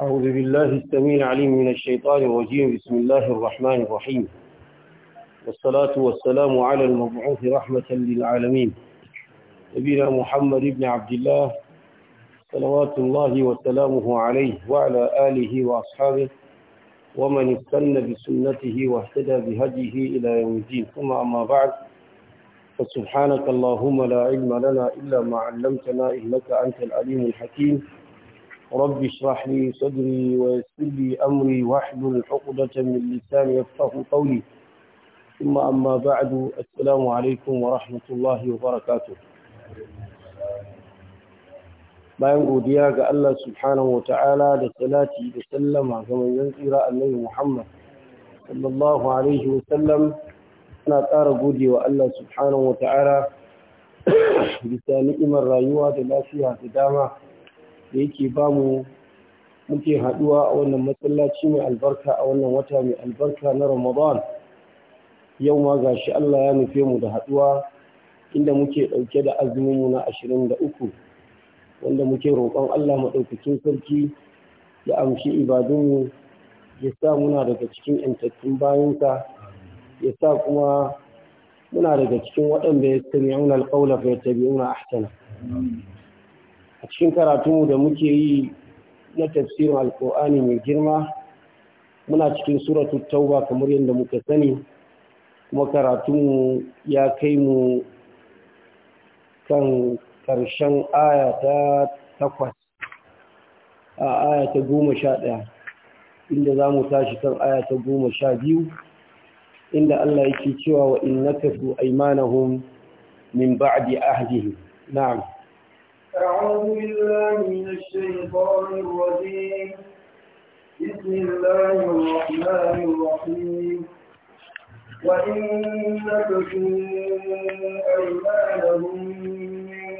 أعوذ بالله السميع العليم من الشيطان الرجيم بسم الله الرحمن الرحيم والصلاة والسلام على المبعوث رحمة للعالمين نبينا محمد بن عبد الله صلوات الله وسلامه عليه وعلى آله وأصحابه ومن استنى بسنته واهتدى بهديه إلى يوم الدين ثم أما بعد فسبحانك اللهم لا علم لنا إلا ما علمتنا إنك أنت العليم الحكيم رب اشرح لي صدري ويسر لي أمري واحلل عقدة من لساني يفقه قولي ثم أما بعد السلام عليكم ورحمة الله وبركاته bayan godiya ga Allah subhanahu wa ta'ala da salati da sallama ga manzon tsira annabi Muhammad sallallahu alaihi wa sallam ana ƙara gode wa Allah subhanahu wa ta'ala bisa ni'imar rayuwa da lafiya da dama da yake ba mu muke haɗuwa a wannan masallaci mai albarka a wannan wata mai albarka na Ramadan. Yau ma ga shi Allah ya nufe mu da haɗuwa inda muke ɗauke da azumin mu na ashirin da uku wanda muke roƙon Allah maɗaukakin sarki ya amshi ibadunmu ya sa muna daga cikin ‘yantattun bayansa ya sa kuma muna daga cikin waɗanda ya sami yauna alƙaula fa ya tabi yauna ahsana. a cikin karatunmu da muke yi na tafsirin alkur'ani mai girma muna cikin suratul tauba kamar yadda muka sani kuma karatunmu ya kai mu kan karshen aya ta takwas a aya ta goma sha ɗaya inda za mu tashi kan aya ta goma sha biyu inda Allah yake cewa wa innaka tu aymanahum min ba'di ahdihim na'am أعوذ بالله من الشيطان الرجيم بسم الله الرحمن الرحيم وإن نبتوا أيمانهم من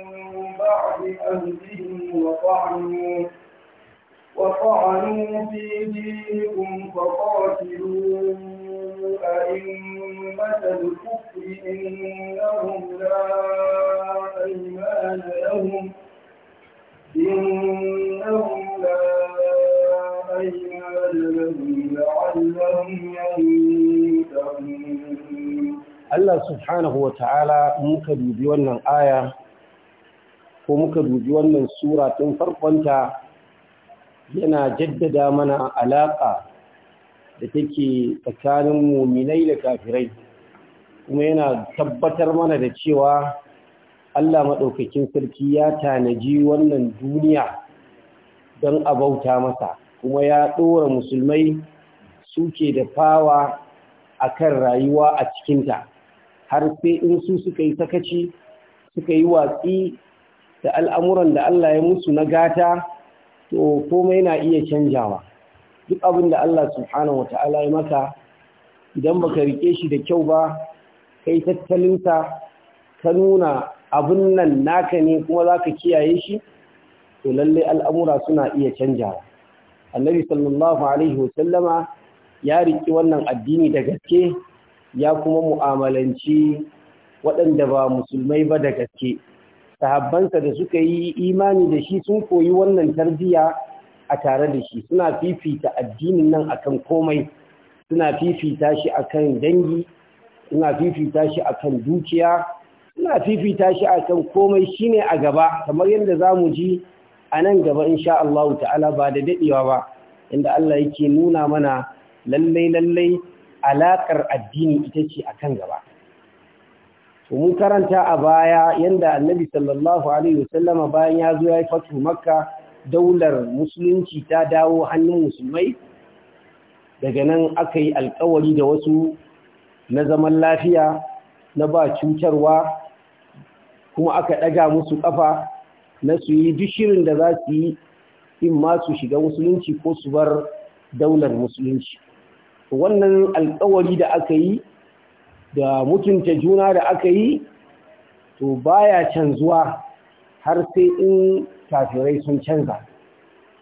بعد أهلهم وطعنوا وطعنوا في دينكم فقاتلوا أئمة الكفر إنهم لا أيمان لهم Allah subhanahu wa ta'ala muka dubi wannan aya ko muka dubi wannan sura tun farkonta yana jaddada mana alaƙa da take tsakanin muminai da kafirai kuma yana tabbatar mana da cewa Allah maɗaukakin sarki ya tanaji wannan duniya don a bauta masa kuma ya ɗora musulmai suke da fawa a kan rayuwa a cikinta har sai in su suka yi sakaci suka yi watsi da al'amuran da Allah ya musu na gata to komai na iya canjawa duk abin da Allah subhanahu wata'ala ya maka idan baka rike shi da kyau ba kai tattalinsa ka nuna abun nan naka ne kuma za ka kiyaye shi to lallai al'amura suna iya canjawa annabi sallallahu alaihi wasallama ya riki wannan addini da gaske ya kuma mu'amalanci waɗanda ba musulmai ba da gaske sahabbansa da suka yi imani da shi sun koyi wannan tarbiyya a tare da shi suna fifita addinin nan akan komai suna fifita shi akan dangi suna fifita shi akan dukiya ina fifita shi a kan komai shi ne a gaba kamar yadda za mu ji a nan gaba insha Allah ta'ala ba da daɗewa ba inda Allah yake nuna mana lallai lallai alaƙar addini ita ce a kan gaba mun karanta a baya yadda annabi sallallahu alaihi wasallama bayan ya zo ya yi fatu makka daular musulunci ta dawo hannun musulmai daga nan aka yi alkawari da wasu na zaman lafiya na ba cutarwa kuma aka ɗaga musu ƙafa na su yi duk da za su yi in ma su shiga musulunci ko su bar daular musulunci wannan alkawari da aka yi da mutunta juna da aka yi to baya canzuwa har sai in tafirai sun canza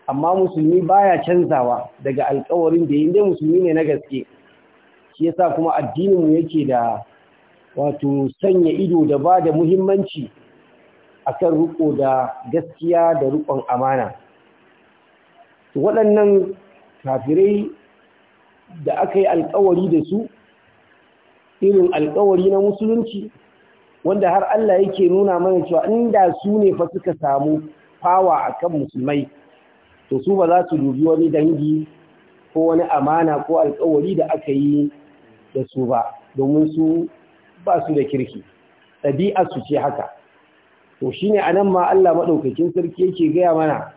amma musulmi baya canzawa daga alkawarin da yi inda musulmi ne na gaske shi yasa kuma addininmu yake da wato sanya ido da ba da muhimmanci akan riko da gaskiya da rikon amana waɗannan kafirai da aka yi alkawari da su irin alkawari na musulunci wanda har Allah yake nuna mana cewa inda su ne fa suka samu fawa kan musulmai to su ba za su dubi wani dangi ko wani amana ko alkawari da aka yi da su ba domin su ba su da kirki ɗabi'a su ce haka to a nan ma Allah maɗaukakin sarki yake gaya mana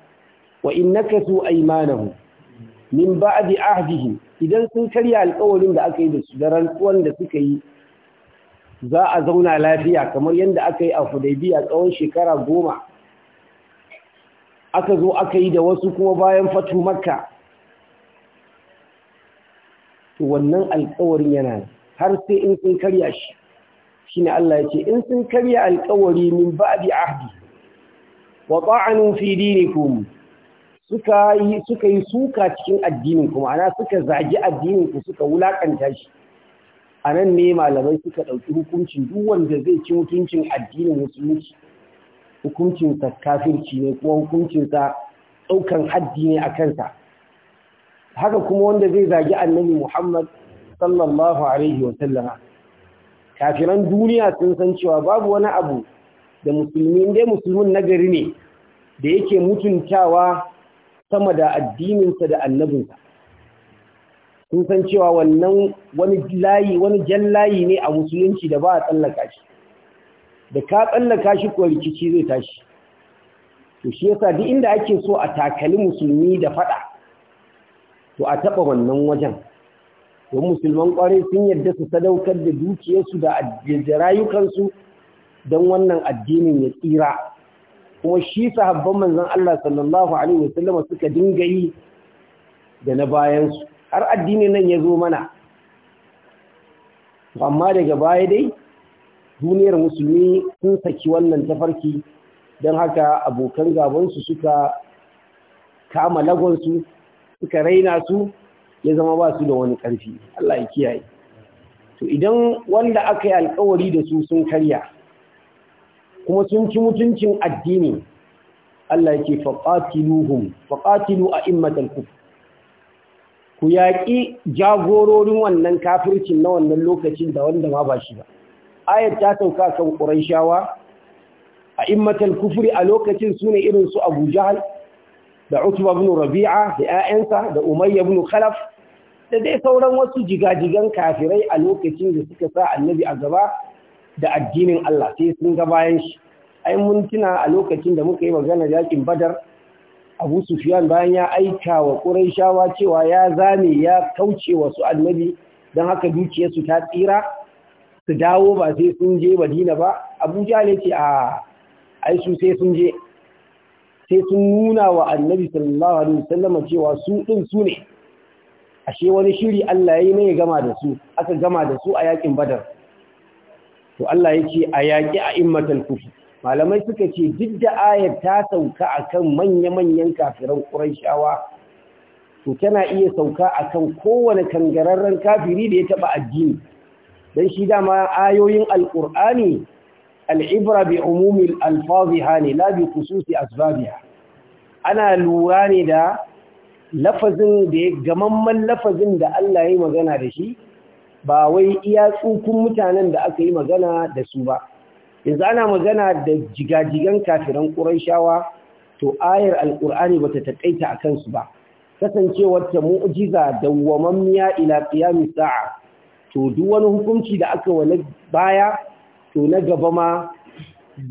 wa in innaka su aymanahum min a ahdihi idan sun karya alƙawarin da aka yi da su da rantsuwan da suka yi za a zauna lafiya kamar yadda aka yi a Hudaybiya tsawon shekara goma aka zo aka yi da wasu kuma bayan fatu makka wannan alƙawarin yana har sai in sun karya shi ne Allah ya ce in sun karya alƙawari min a ahdi wa ta'anu fi dinikum suka yi suka yi suka cikin addinin kuma ana suka zagi addinin ku suka wulakanta shi anan ne malamai suka ɗauki hukuncin duk wanda zai ci mutuncin addinin musulunci hukuncin kafirci ne kuma hukuncin ɗaukan haddi ne a kansa haka kuma wanda zai zagi annabi Muhammad sallallahu alaihi wa kafiran duniya sun san cewa babu wani abu da musulmi inda musulmin nagari ne da yake mutuntawa sama da addininsa da annabinsa sun san cewa wannan wani layi wani jan layi ne a musulunci da ba a tsallaka shi da ka tsallaka shi ko rikici zai tashi to shi yasa duk inda ake so a takali musulmi da fada to a taba wannan wajen don musulman kwarai sun yarda su sadaukar da dukiyarsu da rayukansu don wannan addinin ya tsira kuma shi sahabban manzon Allah sallallahu alaihi wasallama suka dinga yi da na bayansu har addinin nan ya zo mana amma daga baya dai duniyar musulmi sun saki wannan tafarki don haka abokan gabansu suka kama lagonsu suka raina su ya zama ba su da wani ƙarfi Allah ya kiyaye to idan wanda aka yi alƙawari da su sun karya kuma sun ci mutuncin addini Allah yake faqatiluhum faqatilu a'immatal kufr ku yaƙi jagororin wannan kafircin na wannan lokacin da wanda ma ba shi ba ayat ta sauka kan qurayshawa a'immatal kufri a lokacin sune irin su Abu da Utba ibn Rabi'a da ƴaƴansa da Umayya ibn Khalaf da dai sauran wasu jigajigan kafirai a lokacin da suka sa Annabi a gaba da addinin Allah sai sun ga bayan shi ai mun tuna a lokacin da muka yi magana da yakin Badar Abu Sufyan bayan ya aika wa Qurayshawa cewa ya zame ya kauce wasu Annabi dan haka dukiyarsu ta tsira su dawo ba sai sun je Madina ba Abu Jahl ce a ai su sai sun je sai sun nuna wa annabi sallallahu alaihi wasallam cewa su din su ne ashe wani shiri Allah yayi ne ya gama da su aka gama da su a yakin badar to Allah yake a yaki a immatul kufi malamai suka ce duk da ayar ta sauka akan manya-manyan kafiran quraishawa to tana iya sauka akan kowane kangararren kafiri da ya taba addini dan shi dama ayoyin alqur'ani al'ibra bi umumin alfazi hane labi kususi asbabiya ana lura ne da lafazin da ya gamamman lafazin da Allah ya yi magana da shi ba wai iya tsukun mutanen da aka yi magana da su ba yanzu ana magana da jigajigan kafiran ƙuraishawa to ayar alƙur'ani ba ta taƙaita a kansu ba kasancewar ta mu'jiza dawwamammiya ila qiyamis sa'a to duk wani hukunci da aka wani baya to na gaba ma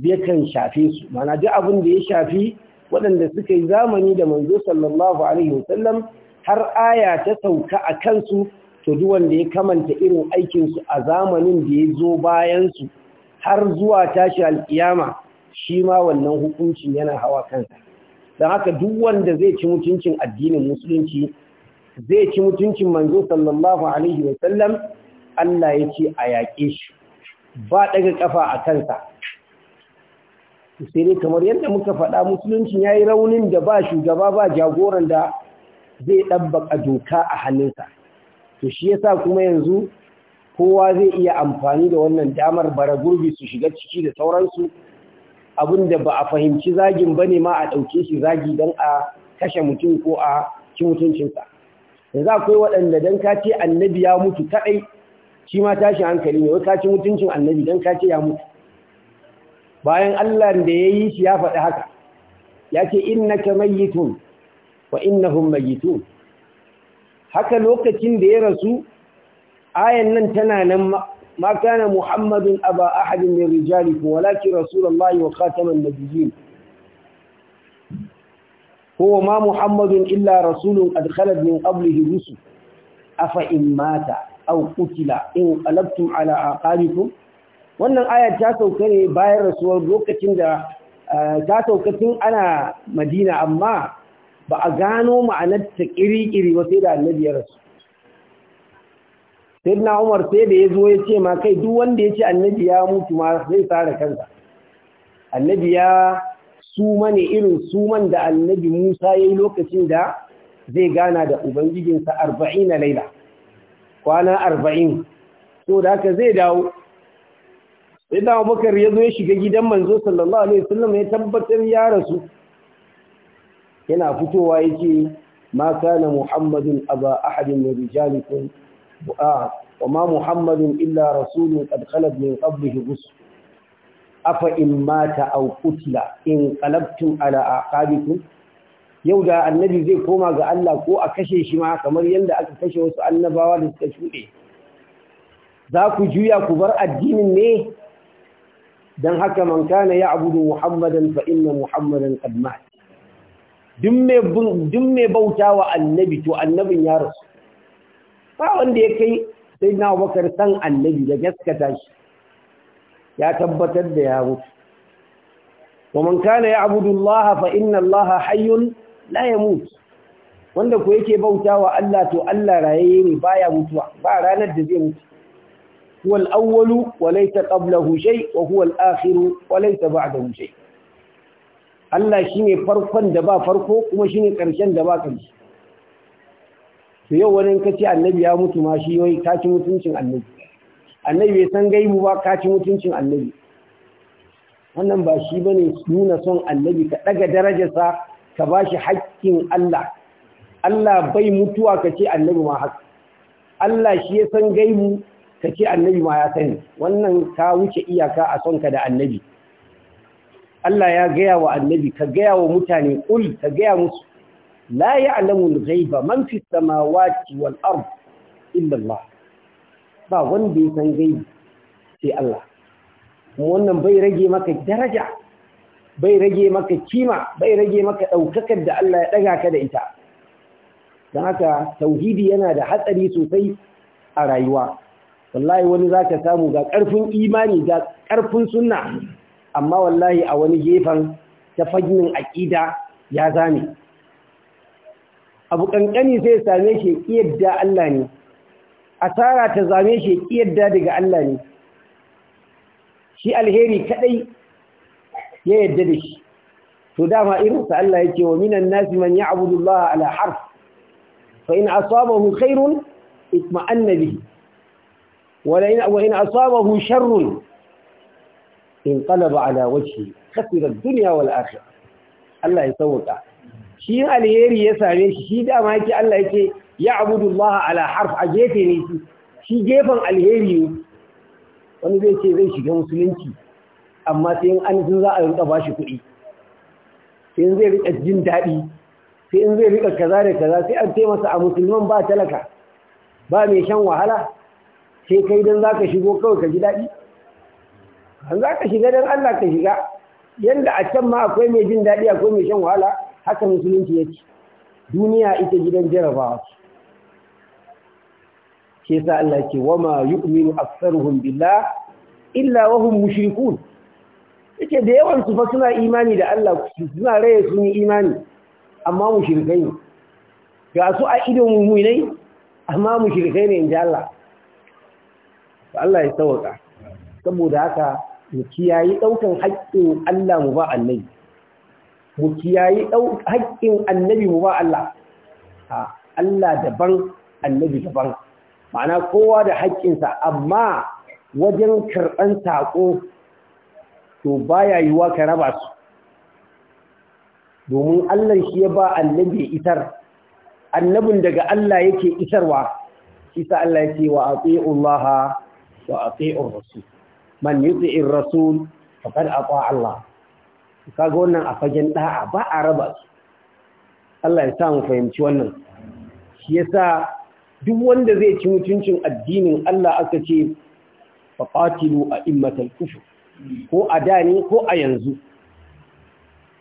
yakan shafe su mana duk abin da ya shafi waɗanda suka yi zamani da manzo sallallahu alaihi wasallam har aya ta sauka a kansu to duk wanda ya kamanta irin aikinsu a zamanin da ya zo bayansu har zuwa tashi alkiyama shi ma wannan hukuncin yana hawa kansa don haka duk wanda zai ci mutuncin addinin musulunci zai ci mutuncin manzo sallallahu alaihi wasallam Allah ya ce a yaƙe shi ba daga kafa a kansa sai ne kamar yadda muka faɗa musulunci ya yi raunin da ba shugaba ba jagoran da zai ɗabbaƙa doka a hannunsa to shi yasa kuma yanzu kowa zai iya amfani da wannan damar bara gurbi su shiga ciki da sauransu abinda ba a fahimci zagin ba ne ma a ɗauke shi zagi don a kashe mutum ko a ci mutuncinsa yanzu akwai waɗanda don ka ce annabi ya mutu kaɗai shi ma tashi hankali ne wai ka ci mutuncin annabi dan ka ce ya mutu bayan Allah da ya yi shi ya faɗi haka ya ce innaka mayyitun wa innahum mayyitun haka lokacin da ya rasu ayan nan tana nan ma kana muhammadun aba ahadin min rijalikum walakin rasulullahi wa khataman nabiyyin هو ما محمد إلا رسول قد خلت من قبله رسل أفإن مات aw kutila in qalabtum ala aqabikum wannan aya ta sauka ne bayan rasuwar lokacin da eh, ta sauka tun ana Madina amma ba a gano ma'anar ta kiri-kiri ba sai da annabi ya rasu sai na umar sai da ya zo ya ce ma kai duk wanda ya ce annabi ya mutu ma zai tsara kansa annabi ya suma ne irin suman da annabi musa ya yi lokacin da zai gana da ubangijinsa arba'in na laila kwana arba'in so da haka zai dawo sai da abubakar ya zo ya shiga gidan manzo sallallahu alaihi wasallam ya tabbatar ya rasu yana fitowa yake ma kana muhammadun aba ahadin min rijalikum wa ma muhammadun illa rasulun qad khalat min qablihi rusul afa in mata aw qutila in qalabtum ala aqabikum yau da annabi zai koma ga Allah ko a kashe shi ma kamar yadda aka kashe wasu annabawa da suka shuɗe za ku juya ku bar addinin ne don haka man kana ya abudu muhammadan fa inna muhammadan qad duk mai bauta wa annabi to annabin ya rasu ba wanda ya kai sai na bakar san annabi da gaskata shi ya tabbatar da ya mutu wa man ya abudu allaha fa inna hayyun la ya mutu wanda ko yake bautawa Allah to Allah rayaye ne baya mutuwa ba ranar da zai mutu huwal Auwalu awwalu wa laysa qablahu shay wa huwal akhiru wa laysa ba'dahu shay Allah shine farkon da ba farko kuma shine karshen da ba karshe to yau wani kace annabi ya mutu ma shi yoyi kaci mutuncin annabi annabi bai san gaibu ba kaci mutuncin annabi wannan ba shi bane nuna son annabi ka daga darajarsa ka ba shi haƙƙin Allah Allah bai mutuwa ka ce annabi ma haka Allah shi ya san gaibu ka ce annabi ma ya sani wannan ka wuce iyaka a son ka da annabi Allah ya gaya wa annabi ka gaya wa mutane Ul ka gaya musu la yi alamun gaiba man fi samawati wal ard illa ba wanda ya san gaibi sai Allah wannan bai rage maka daraja bai rage maka kima bai rage maka ɗaukakar da Allah ya ɗaga ka da ita don haka tauhidi yana da hatsari sosai a rayuwa wallahi wani zaka samu ga ƙarfin imani ga karfin sunna amma wallahi a wani gefen ta faginin aƙida ya zame abu ƙanƙani sai same shi ƙiyadda Allah ne asara ta zame shi ƙiyadda daga Allah ne shi alheri kaɗai ya yadda da shi to dama irinsa Allah yake wa minan nasi man ya'budu Allah ala harf fa in asabahu khairun itma'anna bihi wa in wa in asabahu sharrun inqalaba ala wajhi khasira ad-dunya wal akhirah Allah ya sauka shi alheri ya same shi shi dama yake Allah yake ya'budu Allah ala harf a gefe ne shi gefen alheri ne wani zai ce zai shiga musulunci amma sai in an za a rika bashi kuɗi sai in zai rika jin daɗi sai in zai rika kaza da kaza sai an taimasa a musulman ba talaka ba mai shan wahala sai kai don za ka shigo kawai ka ji daɗi an za ka shiga don Allah ka shiga yadda a can ma akwai mai jin daɗi akwai mai shan wahala haka musulunci ya ce duniya ita gidan jarabawa ce ke sa Allah ce wa ma yu'minu aktsaruhum billah illa wa hum mushrikun yake da yawan su fa suna imani da Allah suna raye sun yi imani amma shirkai ne ga su a idon ne, amma mu shirkai ne inji Allah Allah ya sauka saboda haka mu kiyayi daukan haƙƙin Allah mu ba annabi mu kiyayi haƙƙin annabi mu ba Allah Allah daban annabi daban ma'ana kowa da haƙƙinsa amma wajen karɓan saƙo to baya yiwuwa ka raba su domin Allah shi ya ba annabi isar annabin daga Allah yake isarwa shi sa Allah yake wa atiullaha wa atiur rasul man yuti'ir rasul faqad ata Allah kaga wannan a fagen da'a ba a raba su Allah ya sa mu fahimci wannan shi yasa duk wanda zai ci mutuncin addinin Allah aka ce faqatilu a'immatal kufur ko a da ne ko a yanzu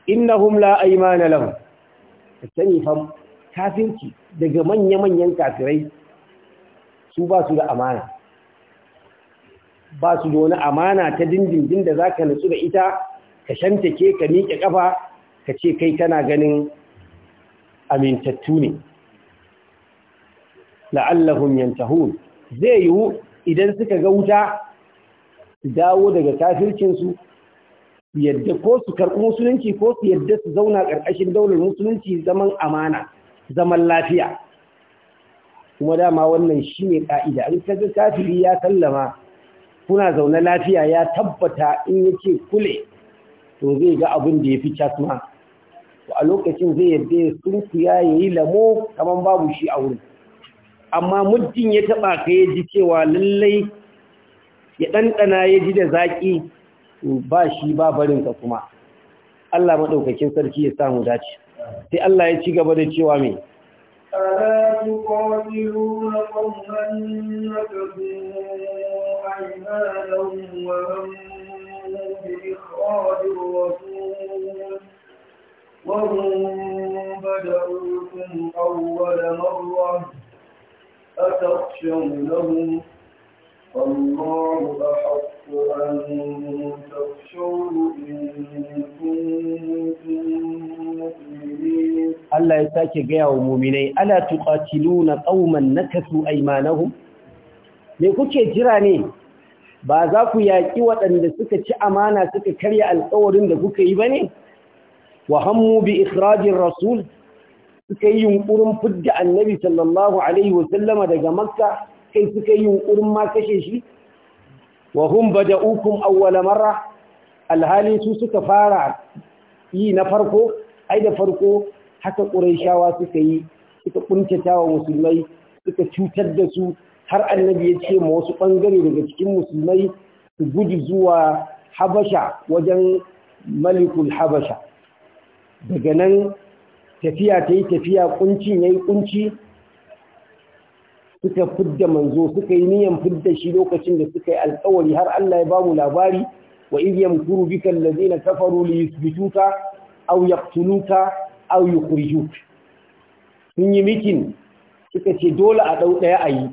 innahum la aymana lahum sani fam kafirci daga manya-manyan kafirai su ba su da amana ba su da wani amana ta dindindin da za nutsu da ita ka shantake ka miƙe ƙafa ka ce kai kana ganin amintattu ne la'allahum yantahun zai yiwu idan suka ga wuta su dawo daga kafircinsu yadda ko su karɓi musulunci ko su yadda su zauna ƙarƙashin daular musulunci zaman amana zaman lafiya kuma dama wannan shi ne ƙa'ida in kaga kafiri ya sallama kuna zaune lafiya ya tabbata in ya ce kule to zai ga abin da ya fi casma to a lokacin zai yadda ya sunkuya ya yi lamo kamar babu shi a wurin amma muddin ya taɓa ka ya ji cewa lallai ya ɗanɗana ya ji da zaƙi ba shi ba barinka kuma Allah maɗaukakin sarki ya samu dace sai Allah ya ci gaba da cewa mai ألا تقاتلون قوما نكثوا أيمانهم وهموا Allah ya sake gaya wa muminai, Ala tuƙatilu na ƙauman na kasu aimanahu? Me kuke jira ne, ba za ku yaƙi waɗanda suka ci amana suka karya alƙawarin da kuka yi ba ne? Wa hannu bi ikirajin Rasul suka yi yunƙurin fidda annabi sallallahu Alaihi wasallama daga Makka kai suka yi yunkurin ma kashe shi wa hum ukun awwala marra alhali su suka fara yi na farko ai da farko haka quraishawa suka yi suka kuntata wa musulmai suka cutar da su har annabi ya ce ma wasu bangare daga cikin musulmai su guji zuwa habasha wajen malikul habasha daga nan tafiya ta yi tafiya kunci ya yi kunci suka fidda manzo suka yi niyan fidda shi lokacin da suka yi alƙawari har Allah ya bamu labari wa idh yamkuru bika alladhina kafaru li yuthbituka aw yaqtuluka aw yukhrijuk sun yi mikin suka ce dole a dau daya ayi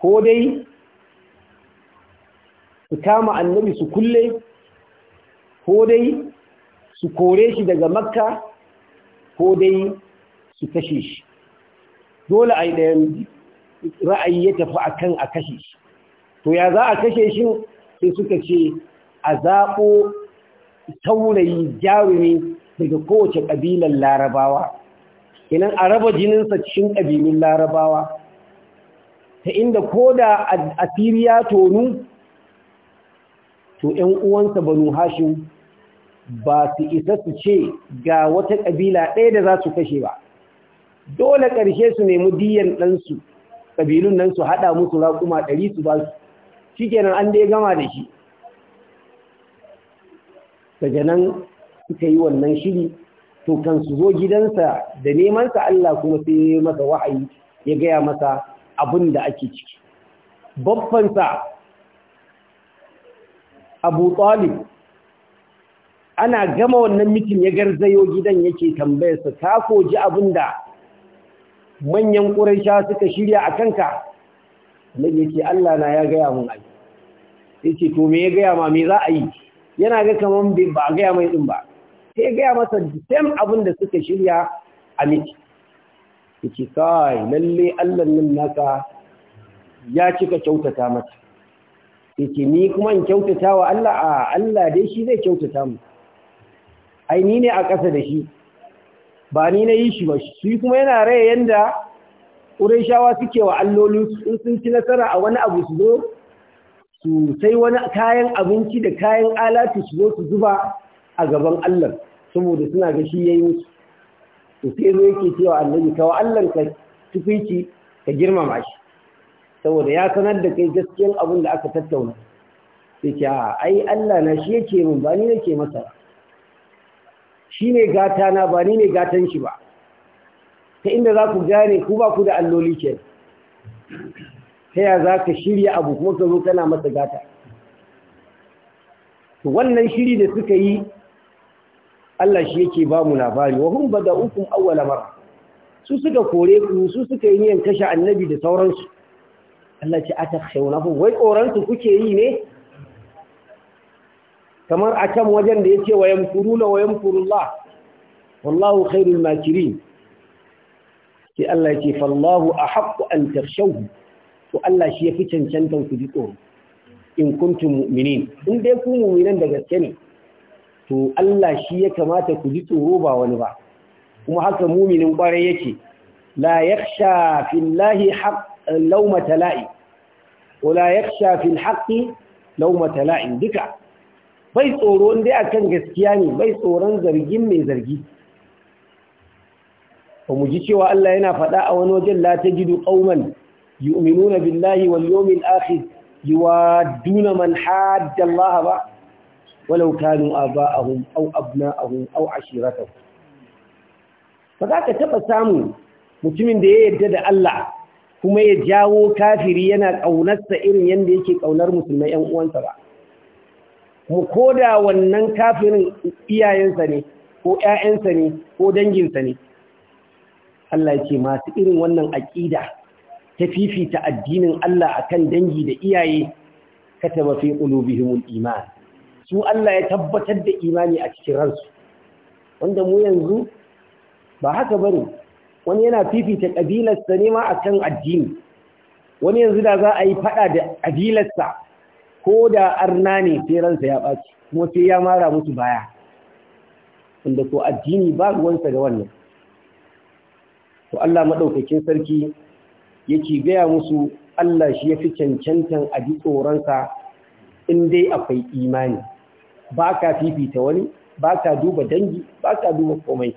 ko dai su kama annabi su kulle ko dai su kore shi daga makka ko dai su kashe shi dole a yi ɗayan ra'ayi ya tafi a kan a kashe shi to ya za a kashe shi sai suka ce a zaɓo taurayi jarumi daga kowace ƙabilar larabawa inan a raba jininsa cikin ƙabilun larabawa ta inda ko da a siriya tonu to ‘yan uwansa banu hashin ba su isa su ce ga wata ƙabila ɗaya da za su kashe ba dole ƙarshe su nemi diyan ɗansu ƙabilun nan su haɗa musu raƙuma ɗari su ba su shi kenan an dai gama da shi daga nan suka yi wannan shiri to kan su zo gidansa da nemansa Allah kuma sai ya masa wahayi ya gaya masa abin da ake ciki babbansa abu talib ana gama wannan mitin ya garzayo gidan yake tambayarsa ta koji abin da manyan ƙuraisha suka shirya a kanka annabi ce Allah na ya gaya mun ai yace to me ya gaya ma me za a yi yana ga kaman ba a gaya mai din ba sai gaya masa same abin da suka shirya a miki yace kai lalle Allah nan naka ya cika kyautata mata yace ni kuma in kyautata wa Allah a Allah dai shi zai kyautata mu ai ni ne a ƙasa da shi ba ni na yi shi ba shi kuma yana raya yanda ƙur'ashawa suke wa alloli in sun ci nasara a wani abu su zo su sai wani kayan abinci da kayan alatu su zo su zuba a gaban allon, saboda suna ga shi yayi musu to sai zo yake cewa annabi kawo allon ka tufici ka girmama shi saboda ya sanar da kai gaskiyar abin da aka tattauna sai Allah na shi yake min ba ni nake masa shi ne gata na ba ni ne gatan shi ba ta inda za ku gane ku ba ku da alloli ke ta ya za ka shirya abu kuma ka zo kana masa gata wannan shiri da suka yi Allah shi yake ba mu labari wa bada bada'ukum awwala marra su suka kore ku su suka yi niyan kashe annabi da sauransu Allah ce atakhshawnahu wai koransu kuke yi ne kamar a can wajen da ya ce wayan wa yamkuruna wa yamkurullah wallahu khairul makirin sai Allah ya ce fallahu ahaqqu an takhshawhu to Allah shi ya fi cancantan ku ji tsoro in kuntum mu'minin in dai ku mu'minan da gaske ne to Allah shi ya kamata ku ji tsoro ba wani ba kuma haka muminin kwarai yake la yakhsha fillahi haqq eh, lawmata la'i wa la yakhsha fil haqqi lawmata la'i duka bai tsoro inda kan gaskiya ne bai tsoron zargin mai zargi ba mu ji cewa Allah yana faɗa a wani wajen la tajidu qauman yu'minuna billahi wal yawmil yi yuwaduna man hadda laha ba walau kanu aba'ahum a abna'ahum au ashiratahum ba za ka taɓa samu mutumin da ya yarda da Allah kuma ya jawo kafiri yana ƙaunarsa irin yadda yake ƙaunar musulman 'yan uwansa ba mu koda wannan kafirin iyayensa ne ko ‘ya'yansa ne ko danginsa ne Allah yake masu irin wannan aƙida ta fifita addinin Allah akan dangi da iyaye kataba fi qulubihimul iman su Allah ya tabbatar da imani a cikin ransu wanda mu yanzu ba haka bane wani yana fifita kabilarsa ne ma akan addini wani yanzu da za a yi fada da kabilarsa ko da arna ne sai ransa ya ɓaci kuma sai ya mara musu baya wanda ko addini ba ruwansa ga wannan to Allah maɗaukakin sarki yake gaya musu Allah shi ya fi cancantan a ji tsoronsa in dai akwai imani ba ka fifita wani ba ka duba dangi ba ka duba komai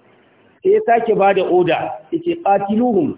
sai ya sake ba da oda ya ce ƙatiluhun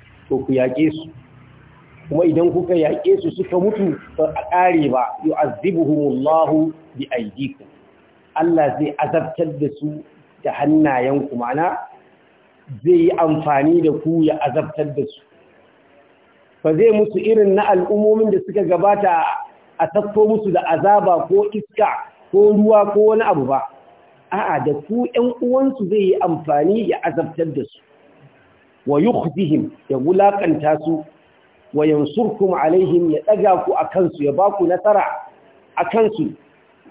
to ku yaƙe su kuma idan kuka yaƙe su suka mutu ba a ƙare ba yu'azzibuhumullahu bi aidiku Allah zai azabtar da su da hannayenku mana zai yi amfani da ku ya azabtar da su Ba zai musu irin na al'ummomin da suka gabata a sakko musu da azaba ko iska ko ruwa ko wani abu ba a'a da ku ƴan uwansu zai yi amfani ya azabtar da su wa yukhzihim ya wulaƙanta su wa yansurkum alaihim ya daga ku akan su ya baku nasara akan su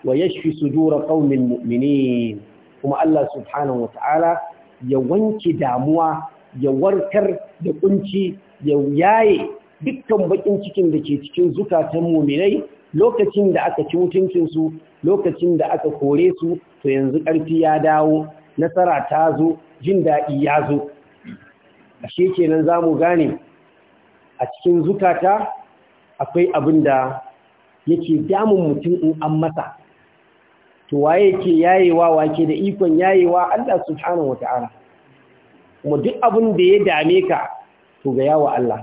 wa yashfi sudur qaumin mu'minin kuma Allah subhanahu wataala ya wanke damuwa ya warkar da kunci ya yaye dukkan bakin cikin da ke cikin zukatan mu'minai lokacin da aka ci mutuncin su lokacin da aka kore su to yanzu ƙarfi ya dawo nasara ta zo jin daɗi ya zo ashe kenan za mu gane a cikin zukata akwai abin da yake damun mutum in an masa to waye ke yayewa wake da ikon yayewa Allah subhanahu wata'ala kuma duk abin da ya dame ka to ga yawa Allah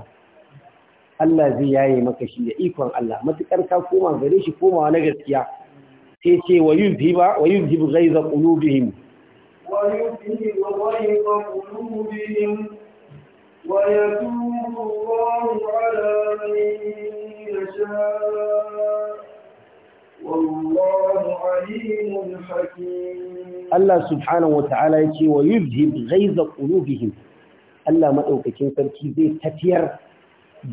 Allah zai yaye maka shi da ikon Allah matukar ka koma gare shi komawa na gaskiya sai ce wa zai wa ghaiza qulubihim wa ghaiza qulubihim ويتوب الله على من يشاء والله عليم حكيم الله سبحانه وتعالى يتي ويذهب غيظ قلوبهم Allah maɗaukakin sarki zai tafiyar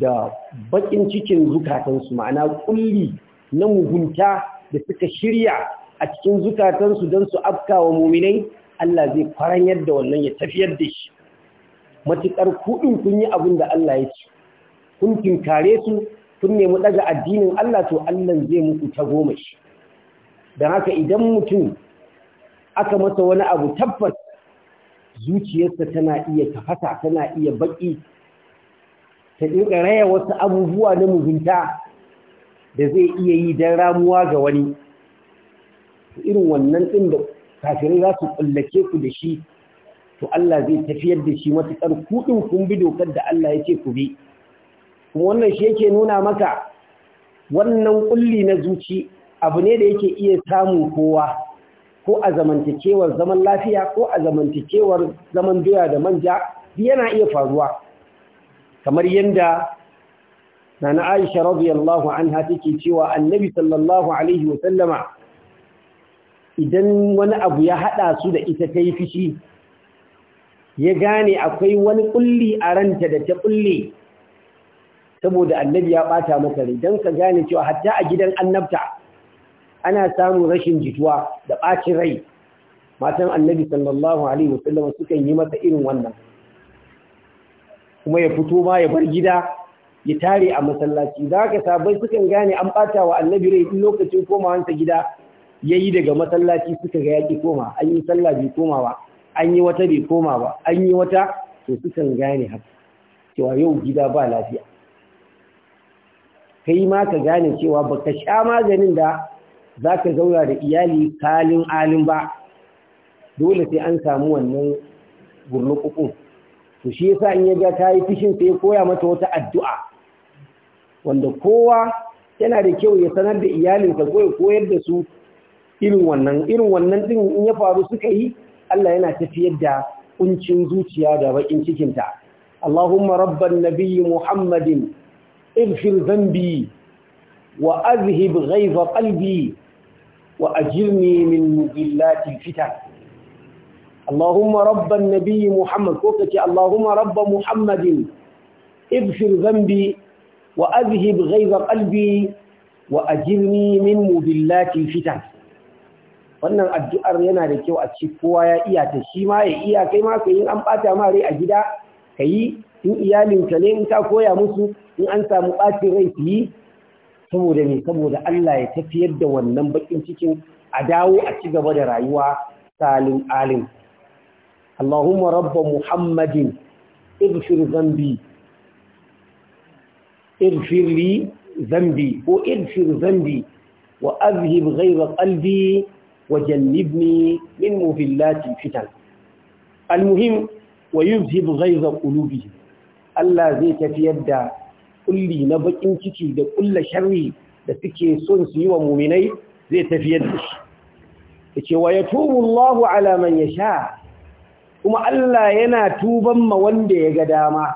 da baƙin cikin zukatansu ma'ana ƙulli na mugunta da suka shirya a cikin zukatansu don su afkawa muminai Allah zai kwaranyar da wannan ya tafiyar da shi matuƙar kuɗin kun yi abin da Allah ya ce kun tinkare su kun nemi daga addinin Allah to Allah zai muku ta goma shi don haka idan mutum aka masa wani abu tabbas zuciyarsa tana iya tafasa tana iya baƙi ta ɗinka raya wasu abubuwa na mugunta da zai iya yi don ramuwa ga wani irin wannan ɗin da kafirai za su ƙullace ku da shi to Allah zai tafiyar da shi matuƙar kuɗin kun bi dokar da Allah ya ce ku bi kuma wannan shi yake nuna maka wannan ƙulli na zuci abu ne da yake iya samun kowa ko a zamantakewar zaman lafiya ko a zamantakewar zaman doya da manja yana iya faruwa kamar yadda nana Aisha radiyallahu anha take cewa Annabi sallallahu alaihi wa sallama idan wani abu ya hada su da ita yi fishi ya gane akwai wani kulli a ranta da ta kulli saboda annabi ya bata masa rai dan ka gane cewa hatta a gidan annabta ana samun rashin jituwa da ɓacin rai matan annabi sallallahu alaihi wasallam sukan yi masa irin wannan kuma ya fito ba ya bar gida ya tare a masallaci zaka ka sabai sukan gane an ɓata wa annabi rai lokacin komawansa gida yayi daga masallaci suka ga yaki koma an yi sallah bai komawa an yi wata bai koma ba an yi wata to su kan gane haka cewa yau gida ba lafiya kai ma ka gane cewa baka sha maganin da za ka zauna da iyali kalin alin ba dole sai an samu wannan gurnukukun to shi yasa in ya ga ta yi fishin sai ya koya mata wata addu'a wanda kowa yana da kyau ya sanar da iyalinsa ko koyar da su irin wannan irin wannan din in ya faru suka yi Allah yana tafiyar da kuncin zuciya da bakin cikinta Allahumma rabban nabiyyi Muhammadin اغفر ذنبي وأذهب غيظ قلبي وأجرني من مضلات الفتن اللهم رب النبي محمد كوكتي اللهم رب محمد اغفر ذنبي وأذهب غيظ قلبي وأجرني من مضلات الفتن wannan addu'ar yana da kyau a ci kowa ya iya ta shi ma ya iya kai ma ka yi an ɓata ma rai a gida ka yi in ka ne in ta koya musu in an samu ɓacin rai su yi saboda ne saboda Allah ya tafiyar da wannan bakin cikin a dawo a ci gaba da rayuwa salim alim Allahumma rabba Muhammadin ibshir zambi irfir li zambi ko ibshir zambi wa azhib ghayra qalbi وجنبني من مهلات الفتن المهم ويذهب غيظ قلوبهم Allah zai tafiyar da kulli na bakin ciki da kulla sharri da suke son su yi wa muminai zai tafiyar da shi yace wa yatubu Allahu ala man yasha kuma Allah yana tuban ma wanda ya ga dama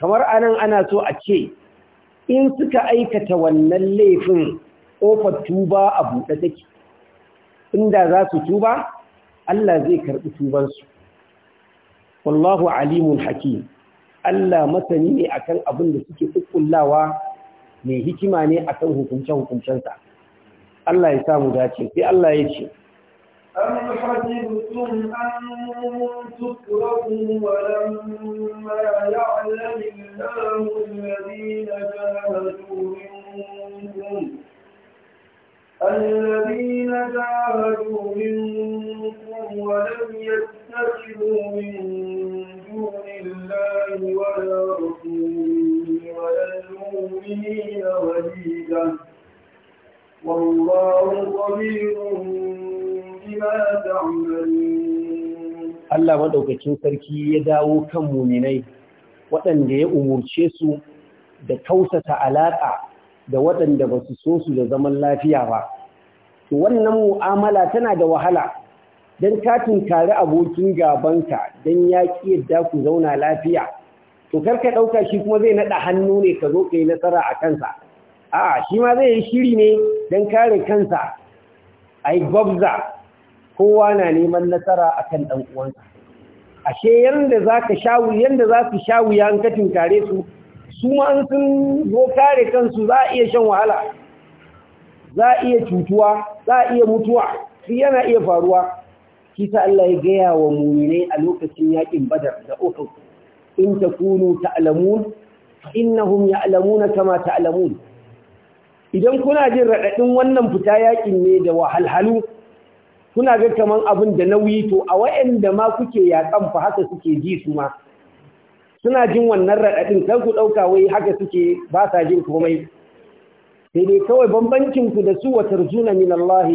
kamar anan ana so a ce in suka aikata wannan laifin kofar tuba a buɗe take inda za su tuba Allah zai karɓi tubansu wallahu alimun hakim Allah masani ne akan abin da suke kukkullawa mai hikima ne akan hukunce-hukuncensa Allah ya samu dace sai Allah ya ce أم حسبتم أن تكرهوا ولما يعلم الله الذين جاهدوا منكم الذين جاهدوا منكم ولم يتخذوا من دون الله ولا رسوله ولا المؤمنين وليدا والله قبير بما تعملون Allah maɗaukacin sarki ya dawo kan muminai waɗanda ya umurce su da kausata alaƙa da waɗanda ba su so su da zaman lafiya ba to wannan mu'amala tana da wahala don ka tunkari abokin gabanka don ya ƙi yadda ku zauna lafiya to kar ka ɗauka shi kuma zai naɗa hannu ne ka zo ka yi nasara a kansa a shi ma zai yi shiri ne don kare kansa a yi gwabza kowa na neman nasara a kan ɗan uwansa ashe yadda za ka shawu yadda za ka tunkare su su ma an sun zo kare kansu za a iya shan wahala za a iya cutuwa za a iya mutuwa shi yana iya faruwa kisa Allah ya gaya wa muminai a lokacin yakin badar da uku in ta kunu ta'lamun innahum ya'lamuna kama ta'lamun idan kuna jin raɗaɗin wannan fita yakin ne da wahalhalu kuna ga kaman abin da nauyi to a wayanda ma kuke yakan fa haka suke ji su ma suna jin wannan raɗaɗin sai ku ɗauka wai haka suke ba sa jin komai sai dai kawai bambancin ku da su wa tarzuna min Allah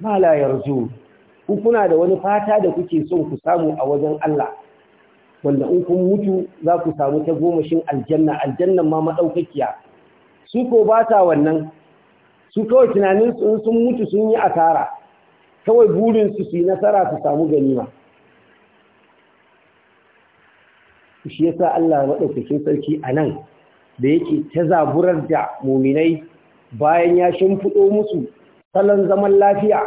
ma la yarzu ku kuna da wani fata da kuke son ku samu a wajen Allah wanda in kun mutu za ku samu ta gomashin aljanna aljannan ma madaukakiya su ko ba sa wannan su kawai tunanin sun mutu sun yi asara kawai burin su su yi nasara su samu ganima shi yasa Allah maɗaukakin sarki a nan da yake ta zaburar da muminai bayan ya shimfiɗo musu salon zaman lafiya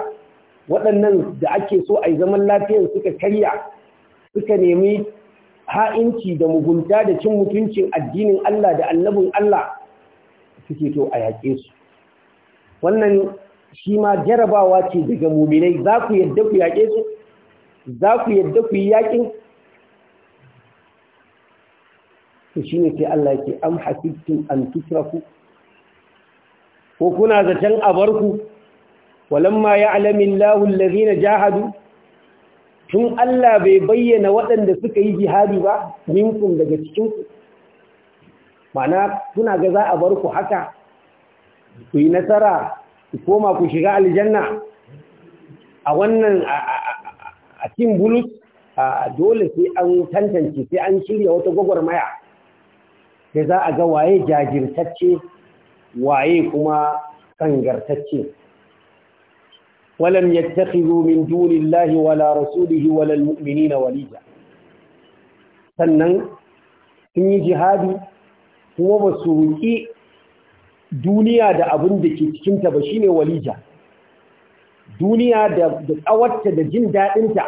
waɗannan da ake so a zaman lafiyar suka karya suka nemi ha'inci da mugunta da cin mutuncin addinin Allah da annabin Allah suke to a yaƙe su wannan shi ma jarabawa ce daga muminai za ku yadda ku yaƙe su za ku yadda ku yi yaƙin to shine sai Allah yake am hasibtum an tutraku ko kuna zaton abarku walamma ya'lamu Allahu allazina jahadu tun Allah bai bayyana waɗanda suka yi jihadi ba minkum daga cikin ku mana kuna ga za a bar haka ku yi nasara ku koma ku shiga aljanna a wannan a cikin bulus dole sai an tantance sai an shirya wata gwagwarmaya da za a ga waye jajirtacce waye kuma kangartacce walam yattakhidhu min dunillahi wala rasulihi wala almu'minina walija sannan sun yi jihadi kuma ba su riƙi duniya da abin da ke cikinta ba shine walija duniya da tsawarta da jin daɗinta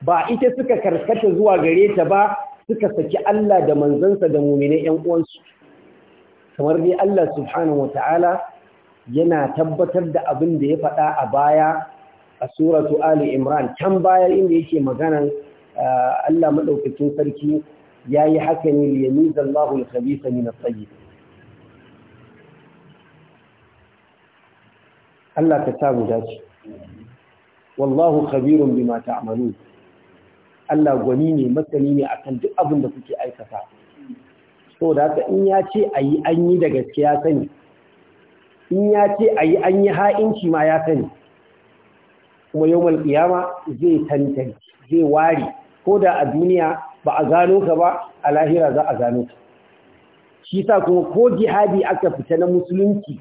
ba ita suka karkata zuwa gare ta ba suka saki Allah da manzansa da muminai ‘yan uwansu kamar dai Allah subhanahu wa ta'ala yana tabbatar da abin da ya faɗa a baya a suratu Ali Imran can baya inda yake maganan uh, Allah madaukakin sarki yayi haka ne liyamizallahu al-khabitha min at-tayyib Allah ka sa dace wallahu khabirun bima ta'malun Allah gwani ne matsani ne akan duk abin da kuke aikata da haka in ya ce a yi an yi da gaskiya sani in ya ce a yi an yi ha'inci ma ya sani kuma yawon kiyama zai tantance zai ware ko da a duniya ba a gano ka ba a lahira za a gano ka shi sa kuma ko jihadi aka fita na musulunci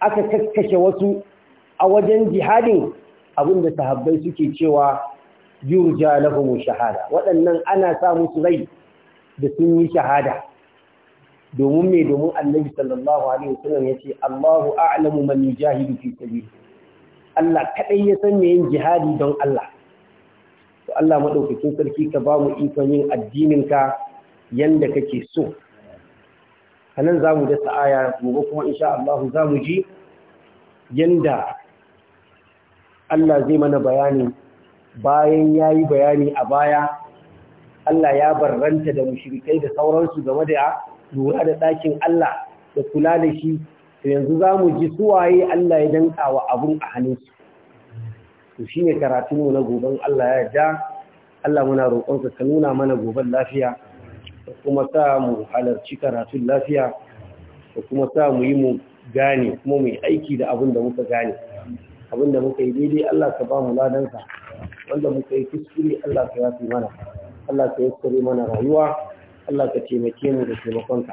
aka kakkashe wasu a wajen jihadin abinda sahabbai suke cewa yurja lahum shahada waɗannan ana sa musu rai da sun yi shahada domin me domin annabi sallallahu alaihi wasallam yace Allahu a'lamu man yujahidu fi sabili Allah kadai ya san me yin jihadi don Allah to Allah madaukakin sarki ka ba mu ikon yin addinin ka yanda kake so anan zamu da aya gobe kuma insha Allah zamu ji yanda Allah zai mana bayani bayan ya yi bayani a baya Allah ya barranta da mushrikai da sauransu game da lura da ɗakin Allah da kula da shi to yanzu za mu ji waye Allah ya danka wa abun a hannunsu to shi ne karatunmu na goben Allah ya yarda Allah muna roƙonsa ka nuna mana goben lafiya da kuma sa mu halarci karatun lafiya da kuma sa mu yi mu gane kuma mu yi aiki da abin da muka gane abin da muka yi daidai Allah ka ba mu ladansa wanda muka yi kuskure Allah ka yafi mana Allah ka yassare mana rayuwa Allah ka taimake mu da taimakonka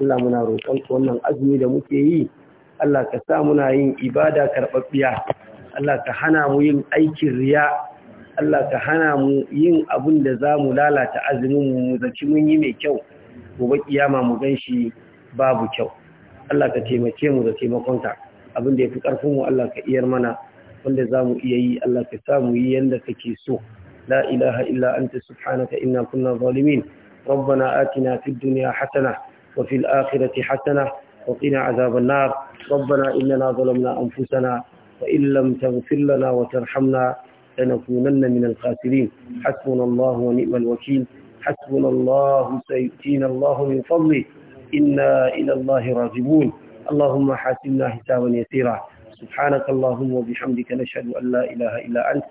Allah muna roƙon ka wannan azumi da muke yi Allah ka sa muna yin ibada karɓaɓɓiya Allah ka hana mu yin aikin riya Allah ka hana mu yin abin da za mu lalata azumin mu mu zaci mun yi mai kyau gobe kiyama mu ganshi babu kyau Allah ka taimake mu da taimakonka abin da ya fi ƙarfin mu Allah ka iyar mana wanda za mu iya yi Allah ka sa mu yi yanda kake so la ilaha illa anta subhanaka inna kunna zalimin ربنا آتنا في الدنيا حسنة وفي الآخرة حسنة وقنا عذاب النار ربنا إننا ظلمنا أنفسنا وإن لم تغفر لنا وترحمنا لنكونن من الخاسرين حسبنا الله ونعم الوكيل حسبنا الله سيؤتينا الله من فضله إنا إلى الله راجبون اللهم حاسبنا حسابا يسيرا سبحانك اللهم وبحمدك نشهد أن لا إله إلا أنت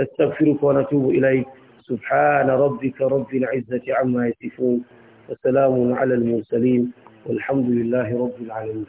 نستغفرك ونتوب إليك سبحان ربك رب العزة عما يصفون وسلام على المرسلين والحمد لله رب العالمين